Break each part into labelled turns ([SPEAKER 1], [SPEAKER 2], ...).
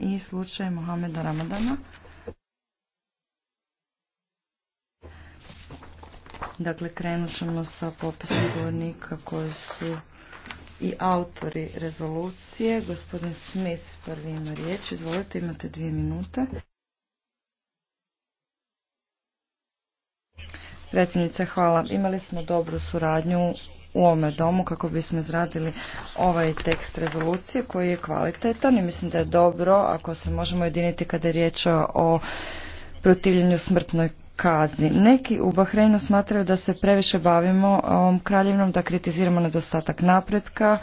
[SPEAKER 1] i slučaj Mohameda Ramadana. Dakle, krenut ćemo sa popisom govornika koji su i autori rezolucije. Gospodin Smith prvi ima riječ. Izvolite, imate dvije minute. Predsjednice, hvala. Imali smo dobru suradnju u ovome domu kako bismo izradili ovaj tekst rezolucije koji je kvalitetan i mislim da je dobro ako se možemo jediniti kada je riječ o protivljenju smrtnoj kazni. Neki u Bahreinu smatraju da se previše bavimo ovom kraljevnom, da kritiziramo nedostatak napretka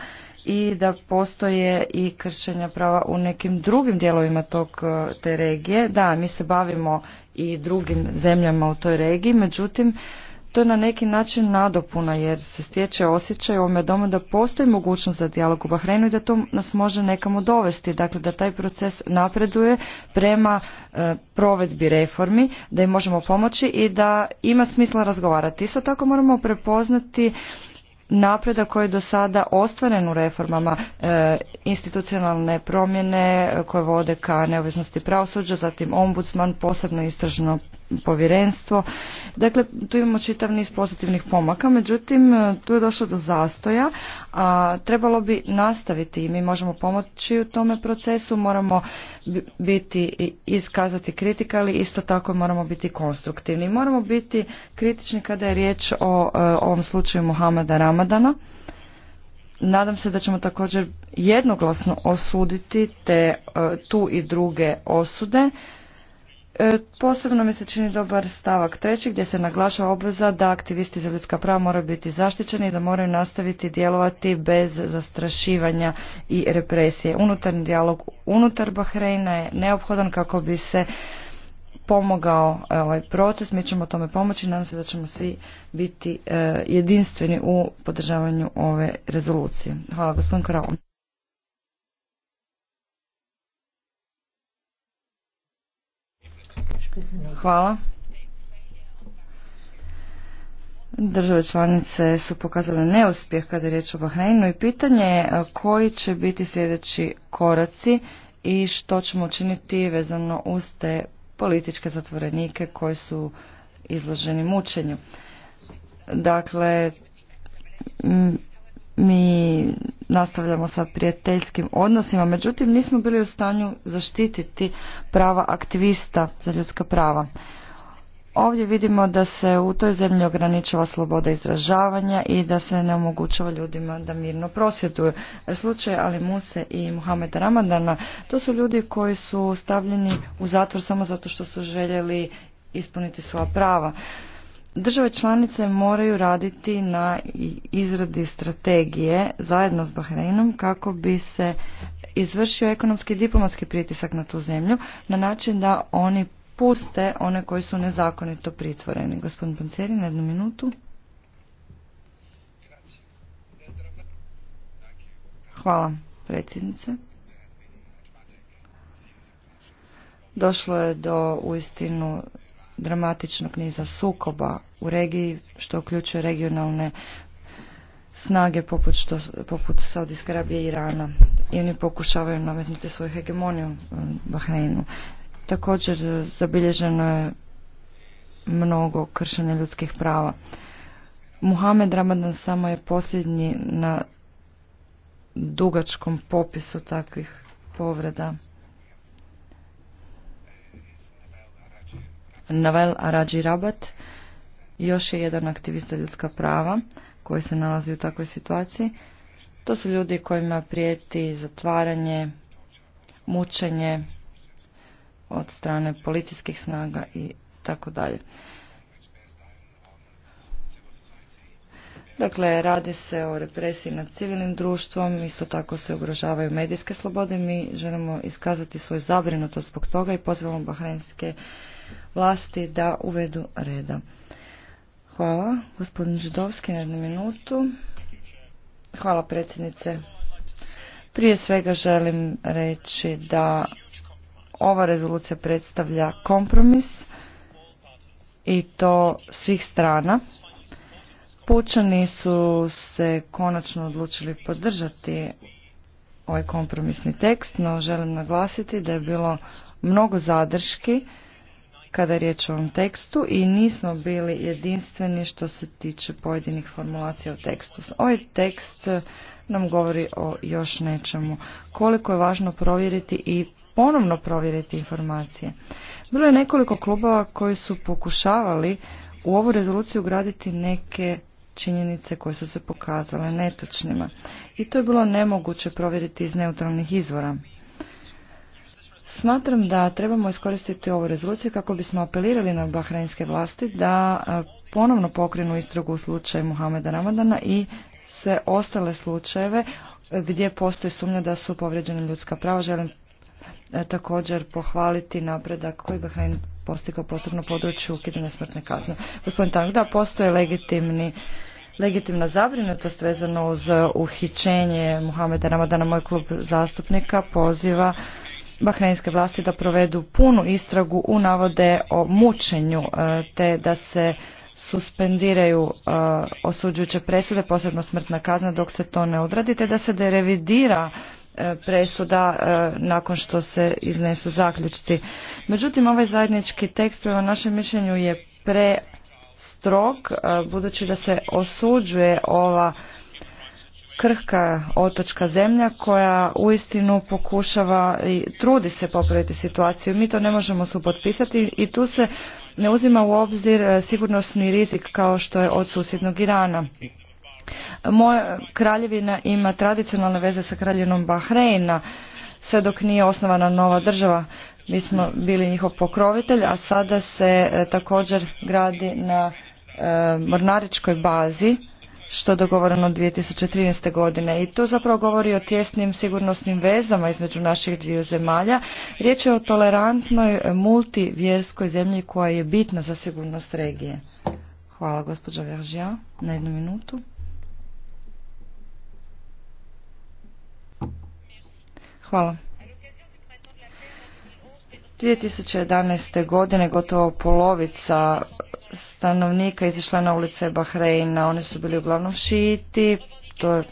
[SPEAKER 1] i da postoje i kršenja prava u nekim drugim dijelovima tog, e, te regije. Da, mi se bavimo i drugim zemljama u toj regiji, međutim to je na neki način nadopuna jer se stječe osjećaj u ovome domu da postoji mogućnost za dijalog u Bahreinu i da to nas može nekamo dovesti. Dakle, da taj proces napreduje prema e, provedbi reformi, da im možemo pomoći i da ima smisla razgovarati. Isto tako moramo prepoznati napreda koji je do sada ostvaren u reformama e, institucionalne promjene koje vode ka neovisnosti pravosuđa, zatim ombudsman, posebno istražno povjerenstvo. Dakle, tu imamo čitav niz pozitivnih pomaka, međutim, e, tu je došlo do zastoja, a trebalo bi nastaviti i mi možemo pomoći u tome procesu, moramo biti iskazati kritika, ali isto tako moramo biti konstruktivni. Moramo biti kritični kada je riječ o, e, ovom slučaju Muhameda Ramadana. Nadam se da ćemo također jednoglasno osuditi te e, tu i druge osude E, posebno mi se čini dobar stavak treći gdje se naglaša obveza da aktivisti za ljudska prava moraju biti zaštićeni i da moraju nastaviti djelovati bez zastrašivanja i represije. Unutarnji dijalog unutar Bahreina je neophodan kako bi se pomogao e, ovaj proces. Mi ćemo tome pomoći. i Nadam se da ćemo svi biti e, jedinstveni u podržavanju ove rezolucije. Hvala gospodin Kraun. Hvala. Države članice su pokazale neuspjeh kada je riječ o Bahreinu i pitanje je koji će biti sljedeći koraci i što ćemo učiniti vezano uz te političke zatvorenike koji su izloženi mučenju. Dakle, mi nastavljamo sa prijateljskim odnosima, međutim nismo bili u stanju zaštititi prava aktivista za ljudska prava. Ovdje vidimo da se u toj zemlji ograničava sloboda izražavanja i da se ne omogućava ljudima da mirno prosvjeduju. Slučaj Ali Muse i Muhameda Ramadana, to su ljudi koji su stavljeni u zatvor samo zato što su željeli ispuniti svoja prava. Države članice moraju raditi na izradi strategije zajedno s Bahreinom kako bi se izvršio ekonomski i diplomatski pritisak na tu zemlju na način da oni puste one koji su nezakonito pritvoreni. Gospodin Panceri, na jednu minutu. Hvala, predsjednice. Došlo je do uistinu dramatičnog niza sukoba u regiji što uključuje regionalne snage poput, što, Saudijske Arabije i Irana i oni pokušavaju nametnuti svoju hegemoniju Bahreinu. Također zabilježeno je mnogo kršenja ljudskih prava. Muhamed Ramadan samo je posljednji na dugačkom popisu takvih povreda. Navel Arađi Rabat, još je jedan aktivista ljudska prava koji se nalazi u takvoj situaciji. To su ljudi kojima prijeti zatvaranje, mučenje od strane policijskih snaga i tako dalje. Dakle, radi se o represiji nad civilnim društvom, isto tako se ugrožavaju medijske slobode. Mi želimo iskazati svoju zabrinutost zbog toga i pozivamo bahrenske vlasti da uvedu reda. Hvala. Gospodin Židovski na jednu minutu. Hvala predsjednice. Prije svega želim reći da ova rezolucija predstavlja kompromis i to svih strana. Pučani su se konačno odlučili podržati ovaj kompromisni tekst, no želim naglasiti da je bilo mnogo zadrški kada je riječ o ovom tekstu i nismo bili jedinstveni što se tiče pojedinih formulacija u tekstu. Ovaj tekst nam govori o još nečemu. Koliko je važno provjeriti i ponovno provjeriti informacije. Bilo je nekoliko klubova koji su pokušavali u ovu rezoluciju ugraditi neke činjenice koje su se pokazale netočnima. I to je bilo nemoguće provjeriti iz neutralnih izvora. Smatram da trebamo iskoristiti ovu rezoluciju kako bismo apelirali na bahrajinske vlasti da e, ponovno pokrenu istragu u slučaju Muhameda Ramadana i sve ostale slučajeve gdje postoji sumnja da su povrijeđena ljudska prava. Želim e, također pohvaliti napredak koji Bahrein postigao posebno području ukidanja smrtne kazne. Gospodin Tank, da, postoje legitimni legitimna zabrinutost vezano uz uhićenje Muhameda Ramadana. Moj klub zastupnika poziva Bahrajinske vlasti da provedu punu istragu u navode o mučenju e, te da se suspendiraju e, osuđujuće presude, posebno smrtna kazna dok se to ne odradi, te da se derevidira e, presuda nakon što se iznesu zaključci. Međutim, ovaj zajednički tekst prema našem mišljenju je pre budući da se osuđuje ova krhka otočka zemlja koja uistinu pokušava i trudi se popraviti situaciju. Mi to ne možemo supotpisati i tu se ne uzima u obzir e, sigurnosni rizik kao što je od susjednog Irana. Moja kraljevina ima tradicionalne veze sa kraljevinom Bahreina sve dok nije osnovana nova država. Mi smo bili njihov pokrovitelj, a sada se e, također gradi na e, mornaričkoj bazi što je dogovoreno 2013. godine i to zapravo govori o tjesnim sigurnosnim vezama između naših dviju zemalja. Riječ je o tolerantnoj multivjerskoj zemlji koja je bitna za sigurnost regije. Hvala gospođa Veržija na jednu minutu. Hvala. 2011. godine gotovo polovica stanovnika izišla na ulice Bahreina. Oni su bili uglavnom šiti, to je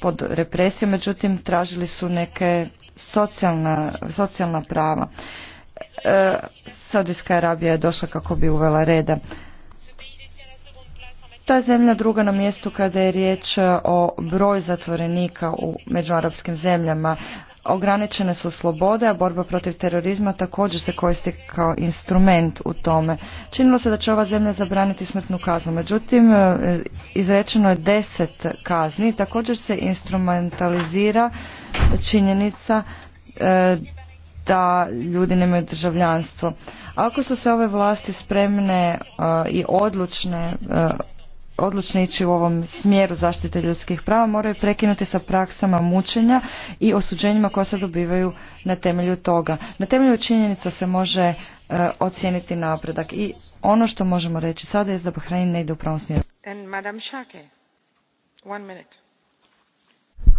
[SPEAKER 1] pod represijom, međutim tražili su neke socijalna, socijalna prava. E, Saudijska Arabija je došla kako bi uvela reda. Ta zemlja druga na mjestu kada je riječ o broju zatvorenika u međuarapskim zemljama ograničene su slobode, a borba protiv terorizma također se koristi kao instrument u tome. Činilo se da će ova zemlja zabraniti smrtnu kaznu, međutim e, izrečeno je deset kazni, također se instrumentalizira činjenica e, da ljudi nemaju državljanstvo. Ako su se ove vlasti spremne e, i odlučne odlučni u ovom smjeru zaštite ljudskih prava moraju prekinuti sa praksama mučenja i osuđenjima koja se dobivaju na temelju toga. Na temelju činjenica se može e, ocijeniti napredak i ono što možemo reći sada je da Bahrain ne ide u pravom smjeru.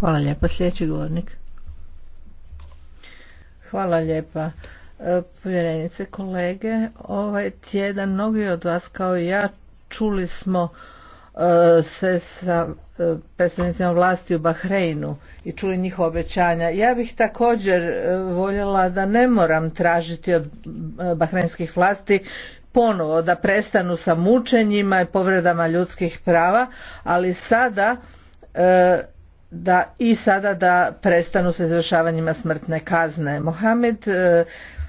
[SPEAKER 2] Hvala lijepa, sljedeći govornik. Hvala lijepa e, povjerenice kolege. Ovaj tjedan mnogi od vas kao i ja čuli smo E, se sa e, predstavnicima vlasti u Bahreinu i čuli njihova obećanja. Ja bih također e, voljela da ne moram tražiti od bahreinskih vlasti ponovo da prestanu sa mučenjima i povredama ljudskih prava, ali sada da i sada da prestanu sa izvršavanjima smrtne kazne. Mohamed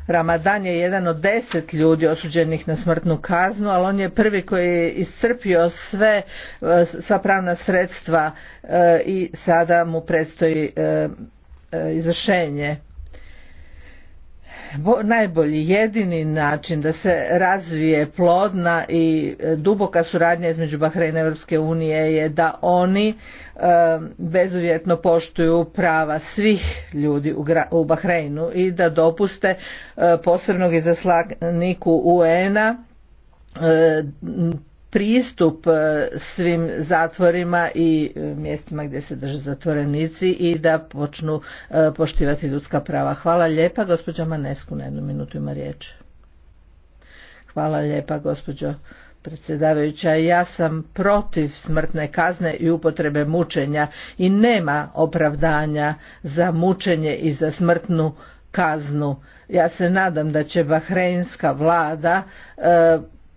[SPEAKER 2] Ramadan je jedan od deset ljudi osuđenih na smrtnu kaznu, ali on je prvi koji je iscrpio sve, e, sva pravna sredstva e, i sada mu predstoji e, izvršenje najbolji jedini način da se razvije plodna i e, duboka suradnja između Bahreina i Europske unije je da oni e, bezuvjetno poštuju prava svih ljudi u Bahreinu i da dopuste e, posebnog izaslaniku UN-a pristup e, svim zatvorima i e, mjestima gdje se drže zatvorenici i da počnu e, poštivati ljudska prava. Hvala lijepa, gospođa Manesku na jednu minutu ima riječ. Hvala lijepa, gospođo predsjedavajuća. Ja sam protiv smrtne kazne i upotrebe mučenja i nema opravdanja za mučenje i za smrtnu kaznu. Ja se nadam da će bahreinska vlada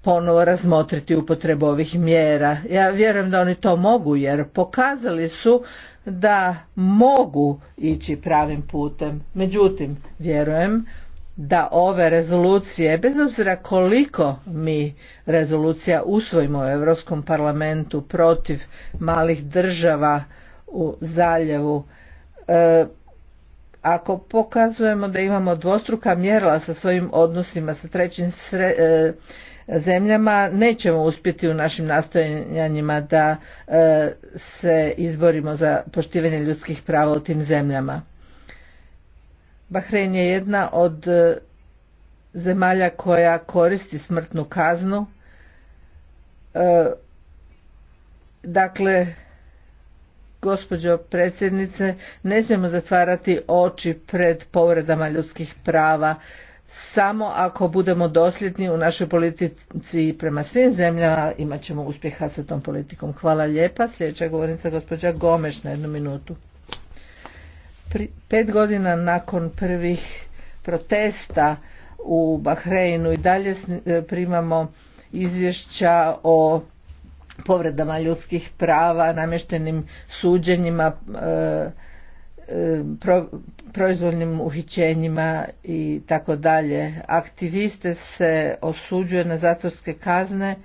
[SPEAKER 2] ponovo razmotriti upotrebu ovih mjera. Ja vjerujem da oni to mogu jer pokazali su da mogu ići pravim putem. Međutim, vjerujem da ove rezolucije, bez obzira koliko mi rezolucija usvojimo u Europskom parlamentu protiv malih država u zaljevu, e, ako pokazujemo da imamo dvostruka mjerila sa svojim odnosima sa trećim e, zemljama nećemo uspjeti u našim nastojanjima da e, se izborimo za poštivanje ljudskih prava u tim zemljama. Bahrein je jedna od e, zemalja koja koristi smrtnu kaznu. E, dakle, gospođo predsjednice, ne smijemo zatvarati oči pred povredama ljudskih prava samo ako budemo dosljedni u našoj politici prema svim zemljama imat ćemo uspjeha sa tom politikom. Hvala lijepa. Sljedeća govornica gospođa Gomeš na jednu minutu. pet godina nakon prvih protesta u Bahreinu i dalje e, primamo izvješća o povredama ljudskih prava, namještenim suđenjima, e, proizvoljnim uhićenjima i tako dalje. Aktiviste se osuđuje na zatvorske kazne.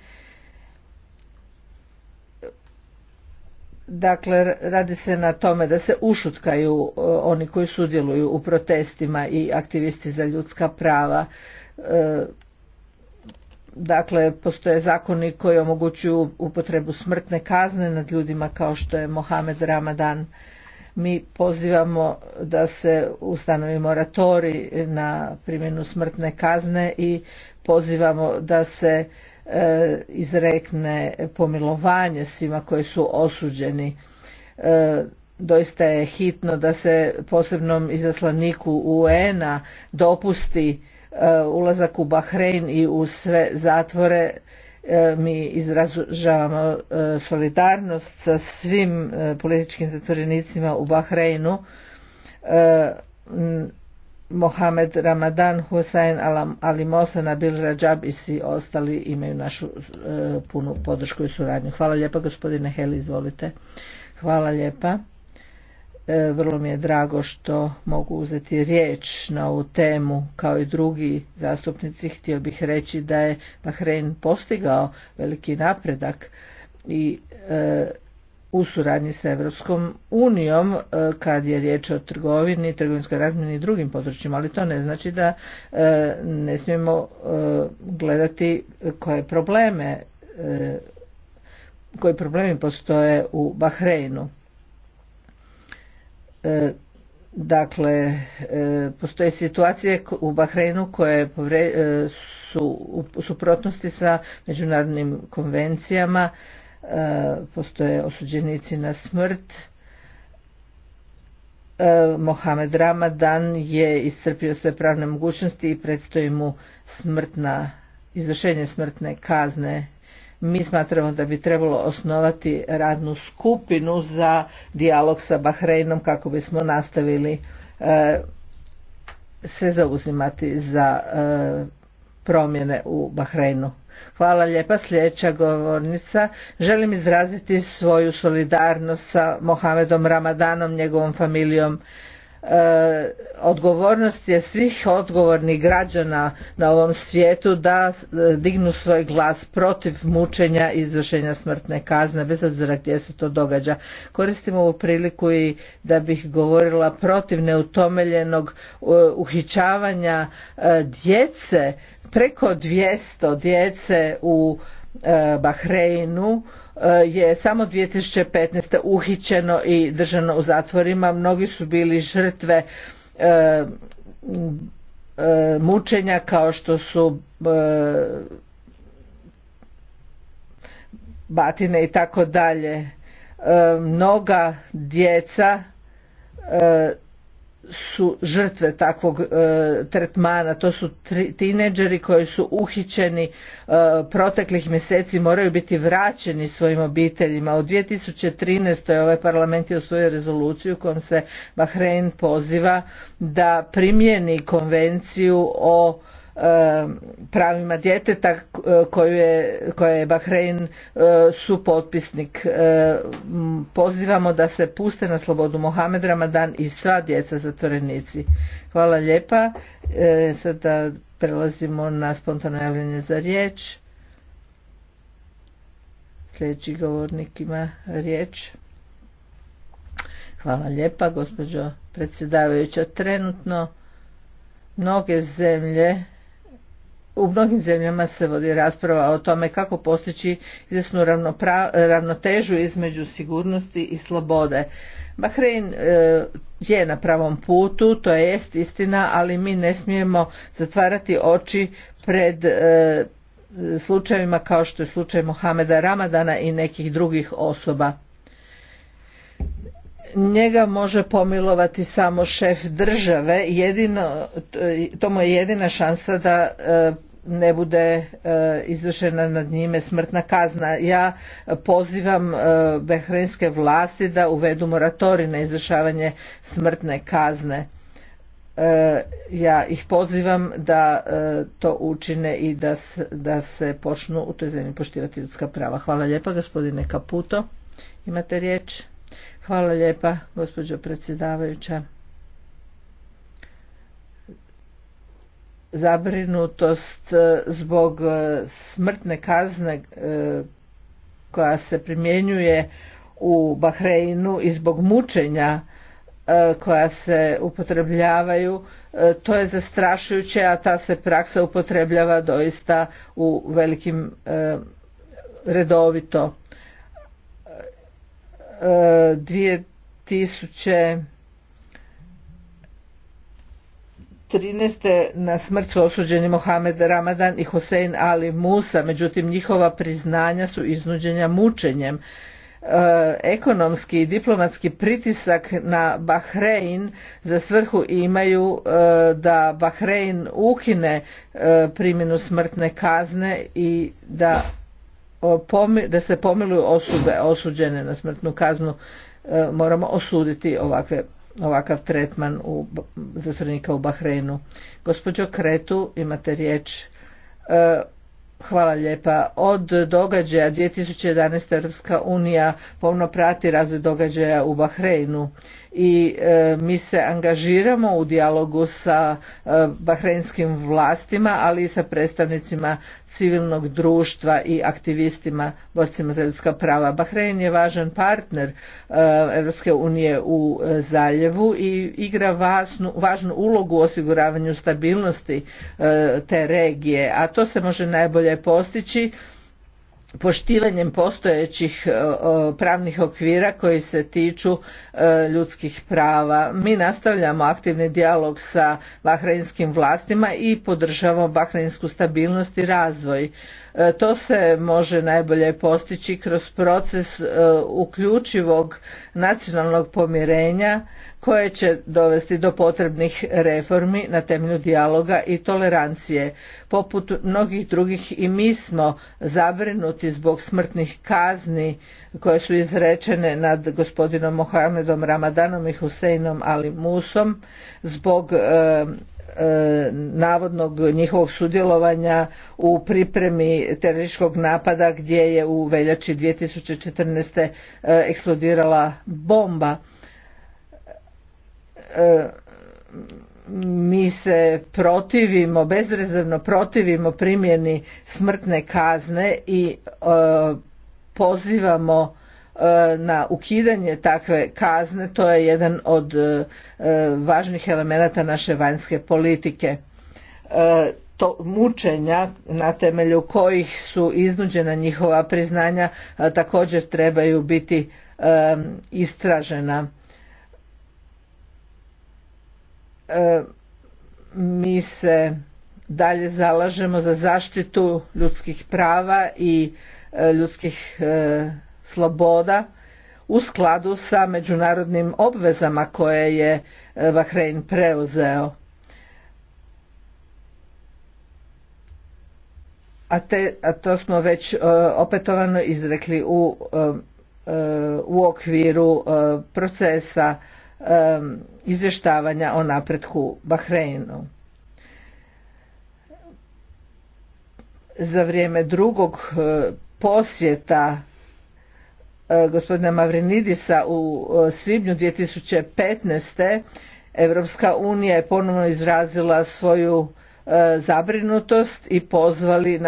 [SPEAKER 2] Dakle, radi se na tome da se ušutkaju e, oni koji sudjeluju u protestima i aktivisti za ljudska prava. E, dakle, postoje zakoni koji omogućuju upotrebu smrtne kazne nad ljudima kao što je Mohamed Ramadan mi pozivamo da se ustanovi moratori na primjenu smrtne kazne i pozivamo da se e, izrekne pomilovanje svima koji su osuđeni. E, doista je hitno da se posebnom izaslaniku UN-a dopusti e, ulazak u Bahrein i u sve zatvore E, mi izražavamo e, solidarnost sa svim e, političkim zatvorenicima u Bahreinu. Mohamed Ramadan, Hussein Ali Mosana, nabil Rajab i svi ostali imaju našu punu podršku i suradnju. Hvala lijepa gospodine Heli, izvolite. Hvala lijepa. E, vrlo mi je drago što mogu uzeti riječ na ovu temu kao i drugi zastupnici. Htio bih reći da je Bahrein postigao veliki napredak i e, u suradnji sa Europskom unijom e, kad je riječ o trgovini, trgovinskoj razmjeni i drugim područjima, ali to ne znači da ne smijemo gledati koje probleme koji problemi postoje u Bahreinu. E, dakle, e, postoje situacije u Bahreinu koje e, su u suprotnosti sa međunarodnim konvencijama, postoje osuđenici na smrt. Mohamed Ramadan je iscrpio sve pravne mogućnosti i predstoji mu smrtna, izvršenje smrtne kazne mi smatramo da bi trebalo osnovati radnu skupinu za dijalog sa Bahreinom kako bismo nastavili e, se zauzimati za e, promjene u Bahreinu. Hvala lijepa. Sljedeća govornica. Želim izraziti svoju solidarnost sa Mohamedom Ramadanom, njegovom familijom E, odgovornost je svih odgovornih građana na ovom svijetu da e, dignu svoj glas protiv mučenja i izvršenja smrtne kazne bez obzira gdje se to događa. Koristim ovu priliku i da bih govorila protiv neutomeljenog e, uhićavanja djece, preko 200 djece u Bahreinu Eh, je samo 2015. uhićeno i držano u zatvorima. Mnogi su bili žrtve eh, eh, mučenja kao što su batine i tako dalje. Mnoga djeca su žrtve takvog e, tretmana to su tineđeri koji su uhićeni e, proteklih mjeseci moraju biti vraćeni svojim obiteljima u 2013. ovaj parlament je usvojio rezoluciju kojom se Bahrein poziva da primjeni konvenciju o pravima djeteta e, koje je, koja je Bahrein e, potpisnik e, Pozivamo da se puste na slobodu Mohamed Ramadan i sva djeca zatvorenici. Hvala lijepa. Sada prelazimo na spontano javljanje za riječ. Sljedeći govornik ima riječ. Hvala lijepa, gospođo predsjedavajuća. Trenutno mnoge zemlje u mnogim zemljama se vodi rasprava o tome kako postići izvjesnu ravnotežu između sigurnosti i slobode. Bahrein e, je na pravom putu, to jest istina, ali mi ne smijemo zatvarati oči pred e, slučajevima kao što je slučaj Mohameda Ramadana i nekih drugih osoba. Njega može pomilovati samo šef države, jedino, to mu je jedina šansa da e, ne bude e, izvršena nad njime smrtna kazna. Ja pozivam e, behrenske vlasti da uvedu moratorij na izvršavanje smrtne kazne. E, ja ih pozivam da to učine i da da se počnu u toj zemlji poštivati ljudska prava. Hvala lijepa gospodine Kaputo. Imate riječ? Hvala lijepa gospođo predsjedavajuća. zabrinutost e, zbog e, smrtne kazne e, koja se primjenjuje u Bahreinu i zbog mučenja koja se upotrebljavaju to je zastrašujuće a ta se praksa upotrebljava doista u velikim redovito 2000 trinaest na smrt su osuđeni Mohamed Ramadan i Hussein Ali Musa, međutim njihova priznanja su iznuđenja mučenjem. E, ekonomski i diplomatski pritisak na Bahrein za svrhu imaju e, da Bahrein ukine e, primjenu smrtne kazne i da, da se pomiluju osobe osuđene na smrtnu kaznu. Moramo osuditi ovakve ovakav tretman u, zatvorenika u Bahreinu. Gospođo Kretu, imate riječ. E, hvala lijepa. Od događaja 2011. Europska unija pomno prati razvoj događaja u Bahreinu i e, mi se angažiramo u dijalogu sa e, vlastima, ali i sa predstavnicima civilnog društva i aktivistima borcima za ljudska prava. Bahrein je važan partner Europske unije u e, zaljevu i igra važnu ulogu u osiguravanju stabilnosti e, te regije, a to se može najbolje postići poštivanjem postojećih e, pravnih okvira koji se tiču e, ljudskih prava. Mi nastavljamo aktivni dijalog sa bahrajinskim vlastima i podržavamo bahrajinsku stabilnost i razvoj. E, to se može najbolje postići kroz proces e, uključivog nacionalnog pomirenja koje će dovesti do potrebnih reformi na temelju dijaloga i tolerancije. Poput mnogih drugih i mi smo zabrinuti zbog smrtnih kazni koje su izrečene nad gospodinom Mohamedom Ramadanom i Huseinom Ali Musom zbog e, E, navodnog njihovog sudjelovanja u pripremi terorističkog napada gdje je u veljači 2014. E, eksplodirala bomba. E, mi se protivimo, bezrezervno protivimo primjeni smrtne kazne i pozivamo E, na ukidanje takve kazne to je jedan od e, e, važnih elemenata naše vanjske politike to mučenja na temelju kojih su iznuđena njihova priznanja također trebaju biti istražena mi se dalje zalažemo za zaštitu ljudskih prava i ljudskih sloboda u skladu sa međunarodnim obvezama koje je e, Bahrein preuzeo. A, te, to smo već e, opetovano izrekli u, e, u okviru procesa izvještavanja o napretku Bahreinu. Za vrijeme drugog posjeta E, gospodina Mavrinidisa u e, svibnju 2015. Evropska unija je ponovno izrazila svoju e, zabrinutost i pozvali,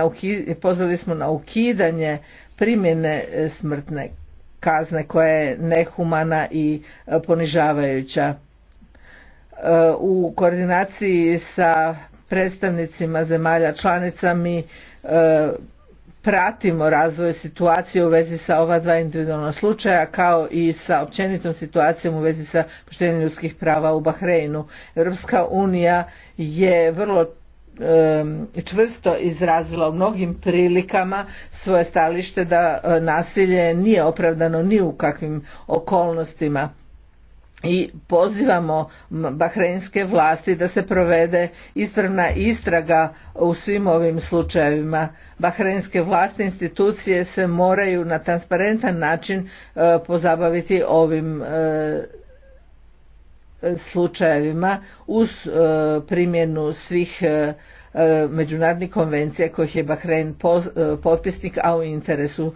[SPEAKER 2] pozvali smo na ukidanje primjene smrtne kazne koja je nehumana i ponižavajuća. U koordinaciji sa predstavnicima zemalja članica mi pratimo razvoj situacije u vezi sa ova dva individualna slučaja kao i sa općenitom situacijom u vezi sa poštenjem ljudskih prava u Bahreinu. Europska unija je vrlo čvrsto izrazila u mnogim prilikama svoje stalište da e, nasilje nije opravdano ni u kakvim okolnostima i pozivamo bahreinske vlasti da se provede ispravna istraga u svim ovim slučajevima. bahrenske vlasti institucije se moraju na transparentan način e, pozabaviti ovim e, slučajevima uz e, primjenu svih međunarodnih konvencija kojih je Bahrein potpisnik, a u interesu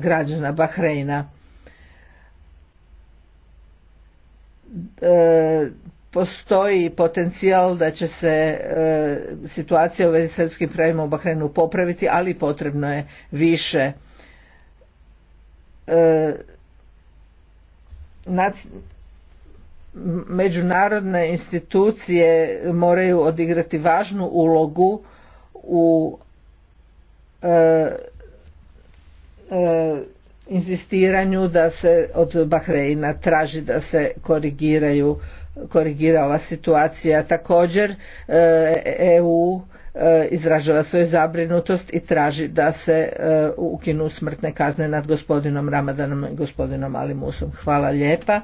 [SPEAKER 2] građana Bahreina. E, postoji potencijal da će se e, situacija u vezi s srpskim pravima u Bahreinu popraviti, ali potrebno je više. E, međunarodne institucije moraju odigrati važnu ulogu u e, e inzistiranju da se od Bahreina traži da se korigiraju korigira ova situacija. Također EU e e, izražava svoju zabrinutost i traži da se e, ukinu smrtne kazne nad gospodinom Ramadanom i gospodinom Alimusom. Hvala lijepa.